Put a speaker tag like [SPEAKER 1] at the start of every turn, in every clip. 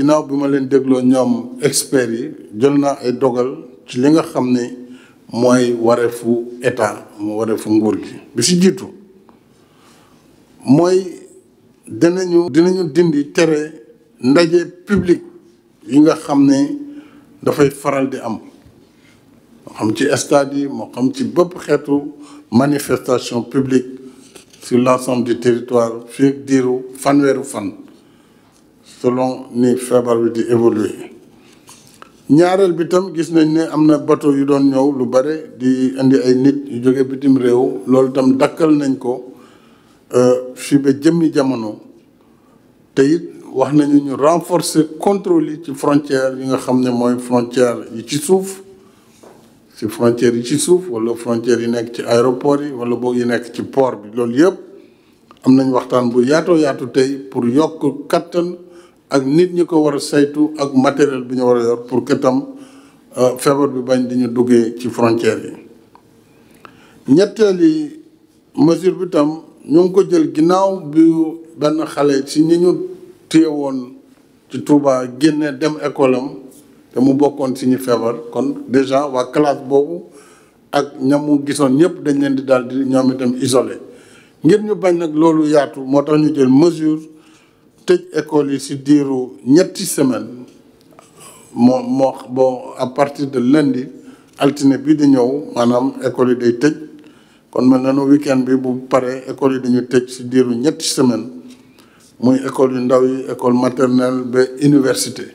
[SPEAKER 1] ginnaaw bi ma leen dégloo ñoom experts yi jël naa ay dogal ci li nga xam ne mooy wareefu état mu wareefu nguur gi bi si jiitu mooy dinañu dinañu dindi tere ndaje public yi nga xam ne dafay faral di am moo xam ci stade yi moo xam ci bëpp xeetu manifestation publique sur l'ensemble du territoire fii diiru fanweeru fan selon ni feebar bi di évoluer ñaareel bi tam gis nañ ne am na bateau yu doon ñëw lu bare di indi ay nit yu jóge bitim réew loolu tam dakkal nañ ko euh, fii ba jëmmi jamono te it wax nañu ñu renforcer contrôle yi ci frontière yi nga xam ne mooy frontière yi ci suuf ci frontière yi ci suuf wala frontière yi nekk ci aéroport yi wala boog yi nekk ci poor bi loolu yëpp am nañ waxtaan bu yaatoo yaatu tey pour yokk kattan ak nit ñi ko war a saytu ak matériel bi ñu war a yor pour que tam euh, feebar bi bañ di ñu duggee ci frontière yi ñetteel yi mesure bi tam ñoo ngi ko jël ginnaaw bi benn xale si ñu ñu téye woon ci Touba génne dem école te mu bokkoon si ñu feebar kon déjà waa classe boobu ak ñam mu gisoon ñëpp dañ leen di daal di ñoom itam isolé ngir ñu bañ nag loolu yaatu moo tax ñu jël mesure tëj école yi ci diiru ñetti semaine moo moo bon à partir de lundi altine bii di ñëw maanaam école yi day tëj kon mel na ne weekend bi bu paree école yi dañu tëj si diiru ñetti semaine muy école yu ndaw yi école maternelle ba université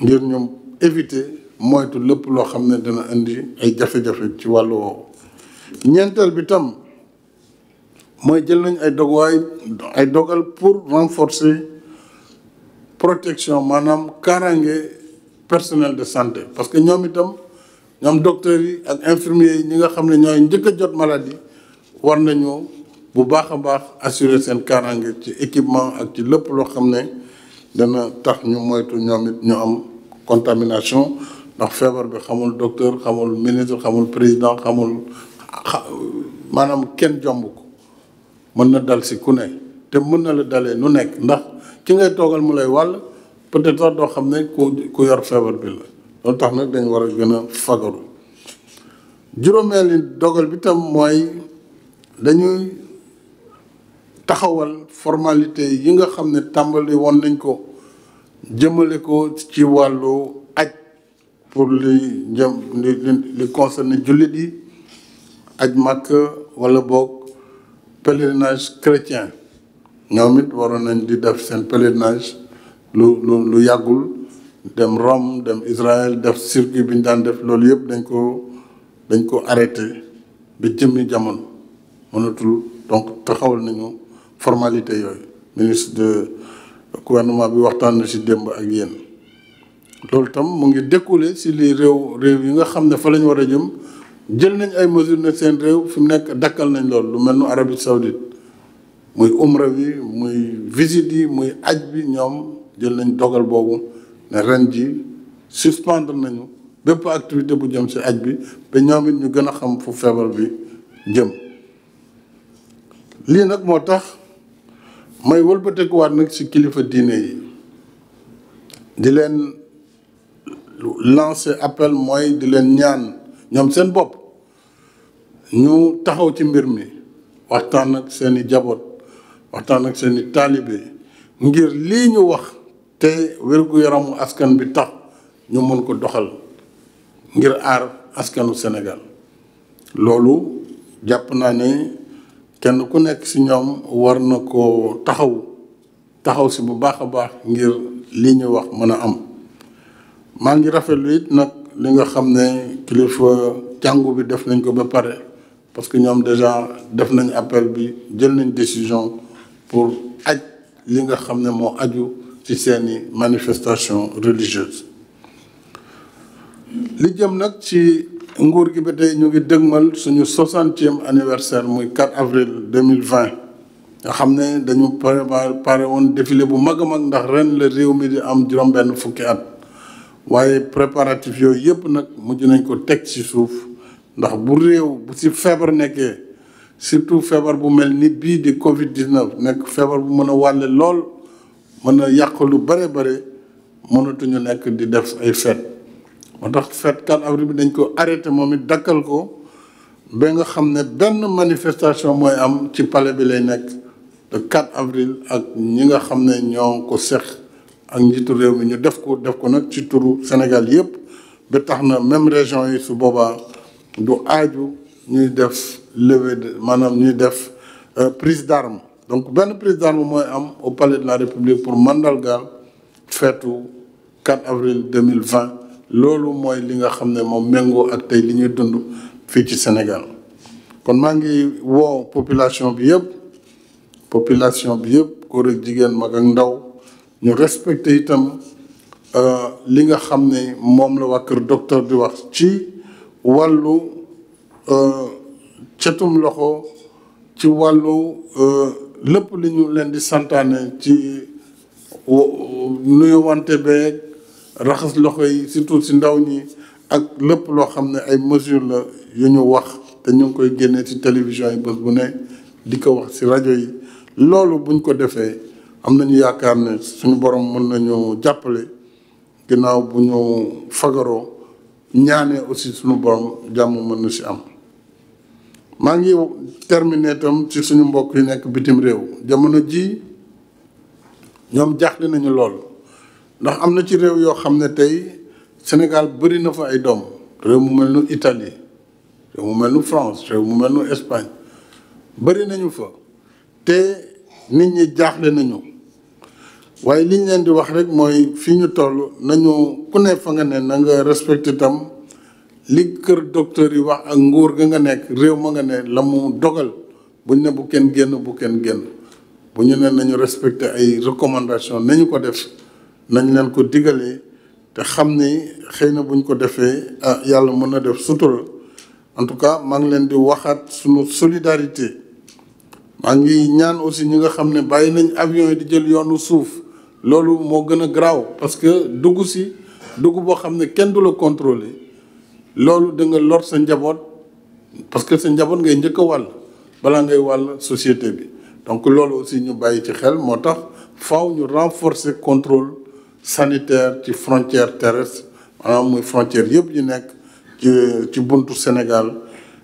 [SPEAKER 1] ngir ñoom éviter moytu lépp loo xam ne dana indi ay jafe-jafe ci wàllu woowu ñeenteel bi tam mooy jël nañu ay dogwaay ay dogal pour renforcer protection maanaam kaaraange personnel de santé parce que ñoom itam ñoom docteurs yi ak infirmiers yi ñi nga xam ne ñooy njëkk a jot maladie war nañu bu baax a baax assurer seen kaaraange ci équipement ak ci lépp loo xam ne dana tax ñu moytu ñoom it ñu am contamination ndax feebar bi xamul docteur xamul ministre xamul président xamul maanaam kenn jomb ko mën na dal si ku ne te mën na la dalee nu nekk ndax ki ngay toogal mu lay wàll peut-être sax doo xam ne ku ku yor feebar bi la loolu tax nag dañu war a gën a fagaru juróomeeli dogal bi tam mooy dañuy taxawal formalité yi nga xam ne tàmbali woon nañ ko jëmale ko ci wàllu aj pour li jëm li li concerné jullit yi aj màkk wala boog pèlerinage chrétien ñoom it waroon nañ di def seen pèlerinage lu lu lu yàggul dem Rome dem Israël def circuit bi ñu daan def loolu yëpp dañ ko dañ ko arrêté ba jëmmi jamono mënatul donc taxawal nañu formalité yooyu ministre de gouvernement bi waxtaan na si démb ak yéen loolu tam mu ngi découlé si li réew réew yi nga xam ne fa lañ war a jëm jël nañ ay mesures ne seen réew fi mu nekk dakkal nañ lool lu mel nu Arabie Saoudite muy umra bi muy visite yi muy aj bi ñoom jël nañ dogal boobu ne ren ji suspendre nañu bépp activité bu jëm ci aj bi ba ñoom ñu gën a xam fu feebar bi jëm lii nag moo tax may wëlbatekuwaat nag ci kilifa diine yi di leen lancer appel mooy di leen ñaan ñoom seen bopp ñu taxaw ci mbir mi waxtaan ak seeni i jaboot waxtaan ak seeni i taalibe ngir lii ñu wax te wér yaramu askan bi tax ñu mën ko doxal ngir aar askanu senegal loolu jàpp naa ne kenn ku nekk ci ñoom war na ko taxaw taxaw si bu baax a baax ngir lii ñu wax mën a am maa ngi rafet it nag li nga xam ne kilifa jàngu bi def nañ ko ba pare parce que ñoom déjà def nañ appel bi jël nañ décision pour aj li nga xam ne moo aju ci seeni manifestation religieuse li jëm nag ci nguur gi ba tey ñu ngi dëgmal suñu soixantième anniversaire muy 4 avril 2020 nga xam ne dañu préparé pare woon défilé bu mag a mag ndax ren la réew mi di am juróom-benn fukki at waaye préparatif yooyu yëpp nag mujj nañ ko teg ci suuf ndax bu réew bu si feebar nekkee surtout feebar bu mel ni bii di Covid 19 nekk feebar bu mën a wàlle lool mën a yàq lu bare bare mënatuñu nekk di def ay fête. moo tax fête 4 avril bi dañ ko arrêté moom it dakkal ko ba nga xam ne benn manifestation mooy am ci pale bi lay nekk le avril ak ñi nga xam ne ñoo ko seq ak njiitu réew mi ñu def ko def ko nag ci turu Sénégal yëpp ba tax na même région yi su boobaa. du aaju ñuy def levée de maanaam ñuy def euh, prise d'arme donc benn prise d'arme mooy am au palais de la république pour mandargaal feetu 4 avril loolu mooy li nga xam ne moom méngoo ak tey li ñuy dund fii ci Sénégal kon maa ngi woo population bi yëpp population bi yëpp góor ak jigéen mag ak ndaw ñu respecté itam euh, li nga xam ne moom la wax kër docteur di wax ci wàllu euh, cetum loxo ci wàllu euh, lépp li ñu leen di santaane ci luy wante beeg raxas loxo yi surtout si ndaw ñi ak lépp loo xam ne ay mesures la yu ñu wax te ñu ngi koy génnee ci télévision yi bés bu ne di ko wax si rajo yi loolu buñ ko defee am nañu yaakaar ne suñu borom mën nañu jàppale ginnaaw bu ñu fagaroo ñaane aussi suñu borom jàmm mën na ci am maa ngi terminé ci suñu mbokk yu nekk bitim réew jamono ji ñoom jaaxle nañu lool ndax am na ci réew yoo xam ne tey Sénégal bëri na fa ay doom réew mu mel nu Italie réew mu mel nu France réew mu mel nu Espagne bëri nañu fa te nit ñi jaaxle nañu waaye li ñu leen di wax rek mooy fi ñu toll nañu ku ne fa nga ne na nga respecté tam li kër docteur yi wax ak nguur ga nga nekk réew ma nga ne la mu dogal bu ñu ne bu kenn génn bu kenn génn bu ñu ne nañu respecté ay recommandation nañu ko def nañ leen ko digalee te xam ni xëy na buñ ko defee ah yàlla mën na def sutura en tout cas maa ngi leen di waxaat suñu solidarité maa ngi ñaan aussi ñu nga xam ne bàyyi nañ avion yi di jël yoonu suuf loolu moo gën a garaaw parce que dugg si dugg boo xam ne kenn du la contrôler loolu da nga lor sa njaboot parce que sa njaboot ngay njëkk a wàll balaa ngay wàll société bi donc loolu aussi ñu bàyyi ci xel moo tax faw ñu renforcer contrôle sanitaire ci frontière teres maanaam muy frontière yëpp yi nekk ci ci buntu Sénégal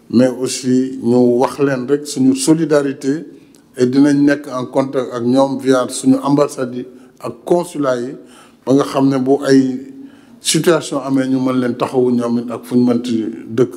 [SPEAKER 1] mais aussi ñu wax leen rek suñu solidarité dinañ nekk en contact ak ñoom via suñu ambassade yi ak consulat yi ba nga xam ne bu ay situation amee ñu mën leen taxawu ñoom ak fu ñu mënti dëkk.